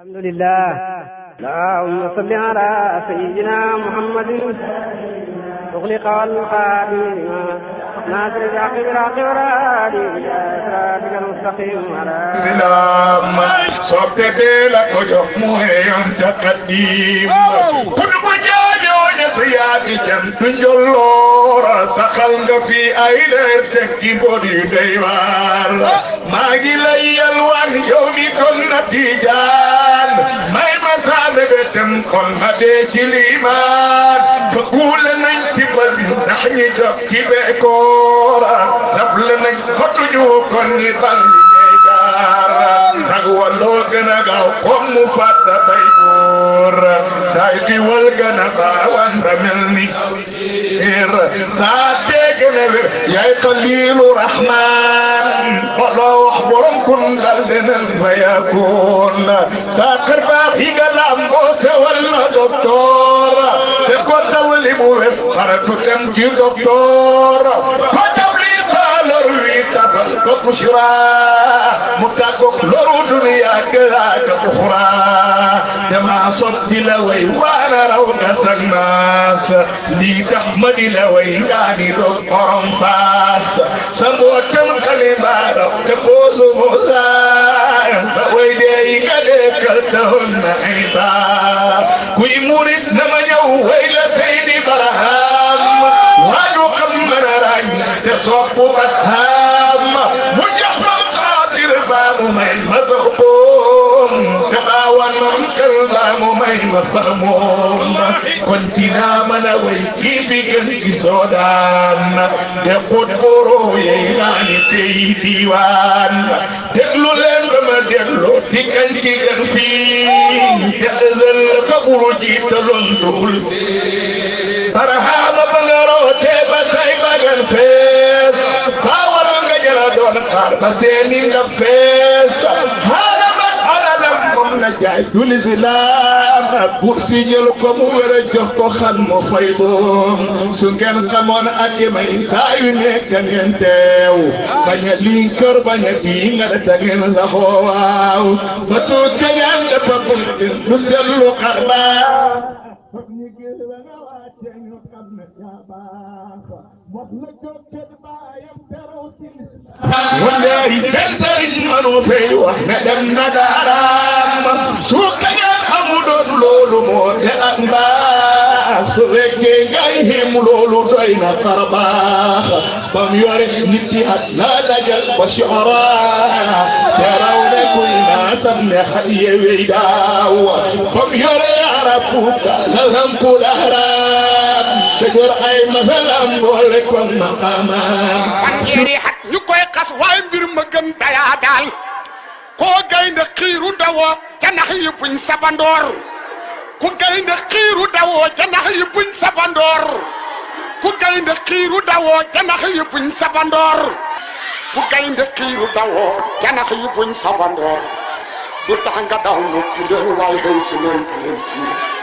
الحمد لله اللهم صل على سيدنا محمد أغلق القادم ناصر الحق بالحق والهادي صراطك المستقيم على سلام صبتك لك جحمه يتقدم كل مجال سيادي جم تنجلور سخل في أين ارتكي بودي ديوار ما جلي الوان يومي كل نتيجه may ma saame betem xol ma dee ci liimaan fa kuule nañ ci bal ndax ñi ci beekoora rab la nañ xotuñu kon ñi xal ñi ñey gaara nag walloo gën a gaaw comme والوسائق والقنقى والرملني صادقنا يا قليل رحمن ولو احبرم كن لدينا فيكون ساقر باقي قلام قوس ولا دكتور تقول تولي موفر تتمشي دكتور والقط شراء متاقك لو دنيا كذاك أخرى دما صد لوي وانا روك سناس لي تحمد لوي لاني يعني دو قرم فاس سمو كم خليما روك فوز موسى ويدي كده كلتهن عيسى كوي مورد نما يو ويلا سيدي برهام واجو كم مرارين تصبوا بها maamu may ma xamoon kon dinaa mën a way kii bi gën ci soodaan de xut boroo yey naa ni tey diiwaan déglu leen ba ma déglu ci kañ ci gën fii te ëzal kaburu jiitaloon duul barhaama ba nga rootee ba say bagan fees faa waroon nga jëla doon xaar ba seeni nga fees jaay julli si laama buur si jël ko mu wér a jox ko xan mu fay boom su ngeen xamoon ak i may saa yu nekk ngeen teew bañ a lii kër bañ a dii nga da ngeen saxoo waaw ba tuut ka ngeen dafa bul du sellu xar baa wallahi benn sëriñ manu fay wax na dem na daara ma su fekkee xamuloo loolu moo te ak mbaax su fekkee ngay xim loolu doy na far baax bam yore nit yi at laa dajal ba si xoraa te raw ne kuy naa sam ne xat yeewee daaw bam yore arab kuuta la lampu dahraat te jor ay masalam boole kon maqaamaat fan yéeri xat ñu koy xas waaye mbir ma gëm dayaa daal gaynde xiiru dawoo janax yi buñ sabandoor ku gaynde xiiru dawoo janax yi buñ sabandoor ku gaynde xiiru dawoo janax yi buñ sabandoor ku gaynde xiiru dawoo janax yi buñ sabandoor du tax nga daw noppi leen waaye xëy si leen di